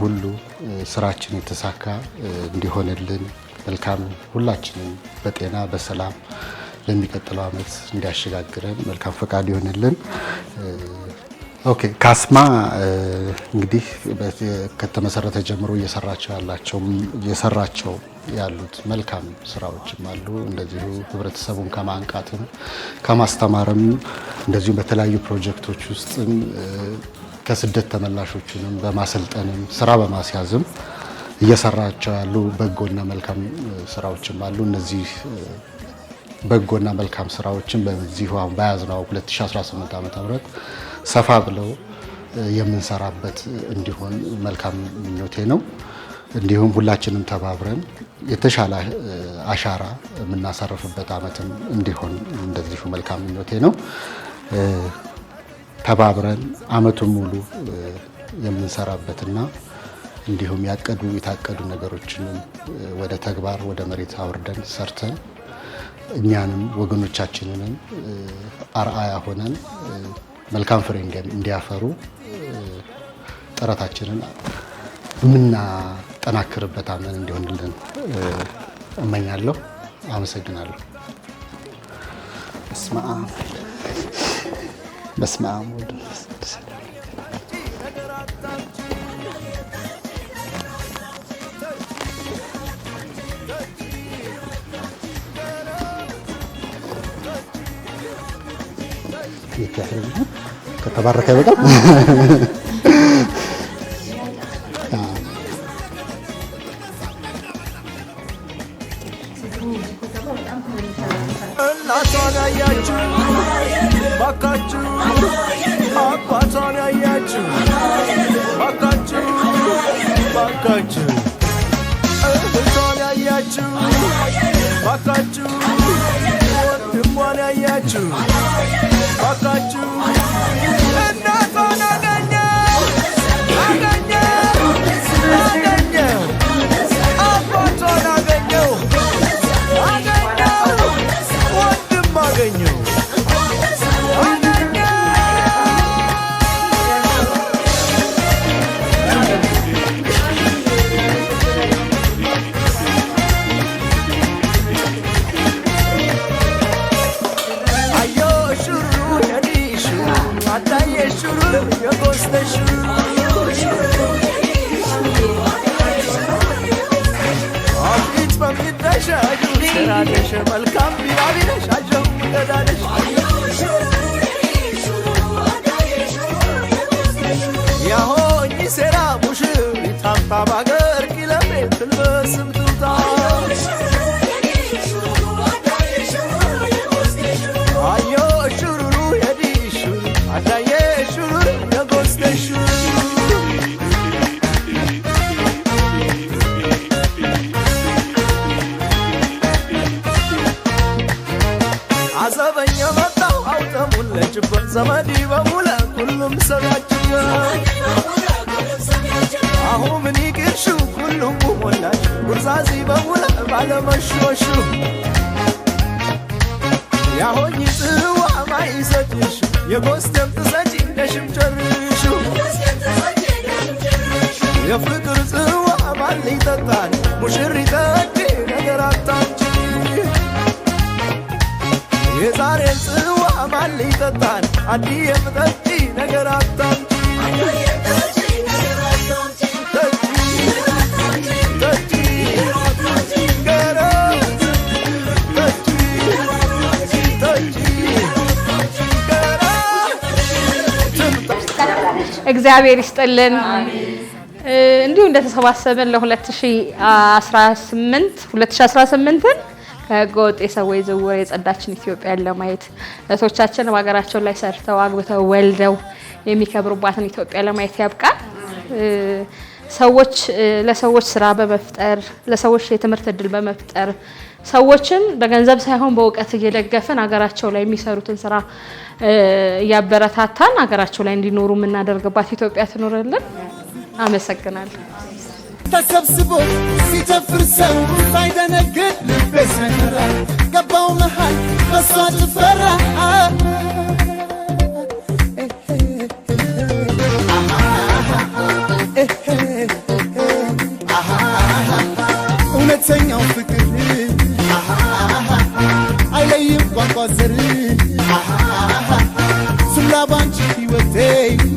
ሁሉ ስራችን የተሳካ እንዲሆንልን መልካም ሁላችንም በጤና በሰላም ለሚቀጥለው ዓመት እንዲያሸጋግረን መልካም ፈቃድ ይሆንልን። ኦኬ ካስማ እንግዲህ ከተመሰረተ ጀምሮ እየሰራቸው ያላቸው እየሰራቸው ያሉት መልካም ስራዎችም አሉ። እንደዚሁ ህብረተሰቡን ከማንቃትም ከማስተማርም እንደዚሁም በተለያዩ ፕሮጀክቶች ውስጥም። ከስደት ተመላሾችንም በማሰልጠንም ስራ በማስያዝም እየሰራቸው ያሉ በጎና መልካም ስራዎችም አሉ። እነዚህ በጎና መልካም ስራዎችን በዚሁ አሁን በያዝነው 2018 ዓ ም ሰፋ ብለው የምንሰራበት እንዲሆን መልካም ምኞቴ ነው። እንዲሁም ሁላችንም ተባብረን የተሻለ አሻራ የምናሳርፍበት ዓመትም እንዲሆን እንደዚሁ መልካም ምኞቴ ነው። ተባብረን አመቱን ሙሉ የምንሰራበትና እንዲሁም ያቀዱ የታቀዱ ነገሮችንም ወደ ተግባር ወደ መሬት አውርደን ሰርተን እኛንም ወገኖቻችንንም አርአያ ሆነን መልካም ፍሬ እንዲያፈሩ ጥረታችንን የምናጠናክርበት አመን እንዲሆንልን እመኛለሁ። አመሰግናለሁ። በስመ አብ ወወልድ ወመንፈስ ቅዱስ ከተባረከ በጣም እናቷን አያችሁ ባካችሁ አባቷን ያያችሁ ባካችሁ ባካችሁ እህቷን ያያችሁ ባካችሁ ወንድሟን ያያችሁ ባካችሁ ሽ መልካም ቢራቢነሽ አጀሁ ቀዳነሽ ያሆኝ ሴራ ሙሽር አዘበኛ መጣው አውጠሙለችበት ዘመዲ በሙለ ሁሉም ሰሚያችኛ አሁ ምን ይቅርሹ ሁሉም ሞላሽ ጉርዛዚ በሙለ ባለመሾሹ ያሆኝ ጽዋ ማይሰጥሽ የጎስተም ትሰጪ እንደሽም ጨርሹ የፍቅር ጽዋ ማን ይጠጣል ውሃ ማን ይጠጣል? አዲህ የምጠጪ ነገር አታምጪ እግዚአብሔር ይስጥልን። እንዲሁ እንደተሰባሰብን ለ2018 2018ን ከህገወጥ የሰዎች ዝውውር የጸዳችን ኢትዮጵያን ለማየት እህቶቻችን በሀገራቸው ላይ ሰርተው አግብተው ወልደው የሚከብሩባትን ኢትዮጵያ ለማየት ያብቃል። ሰዎች ለሰዎች ስራ በመፍጠር ለሰዎች የትምህርት እድል በመፍጠር ሰዎችን በገንዘብ ሳይሆን በእውቀት እየደገፍን ሀገራቸው ላይ የሚሰሩትን ስራ እያበረታታን ሀገራቸው ላይ እንዲኖሩ የምናደርግባት ኢትዮጵያ ትኖርልን። አመሰግናለሁ። ተሰብስቦ ሲጨፍር ሰው faith.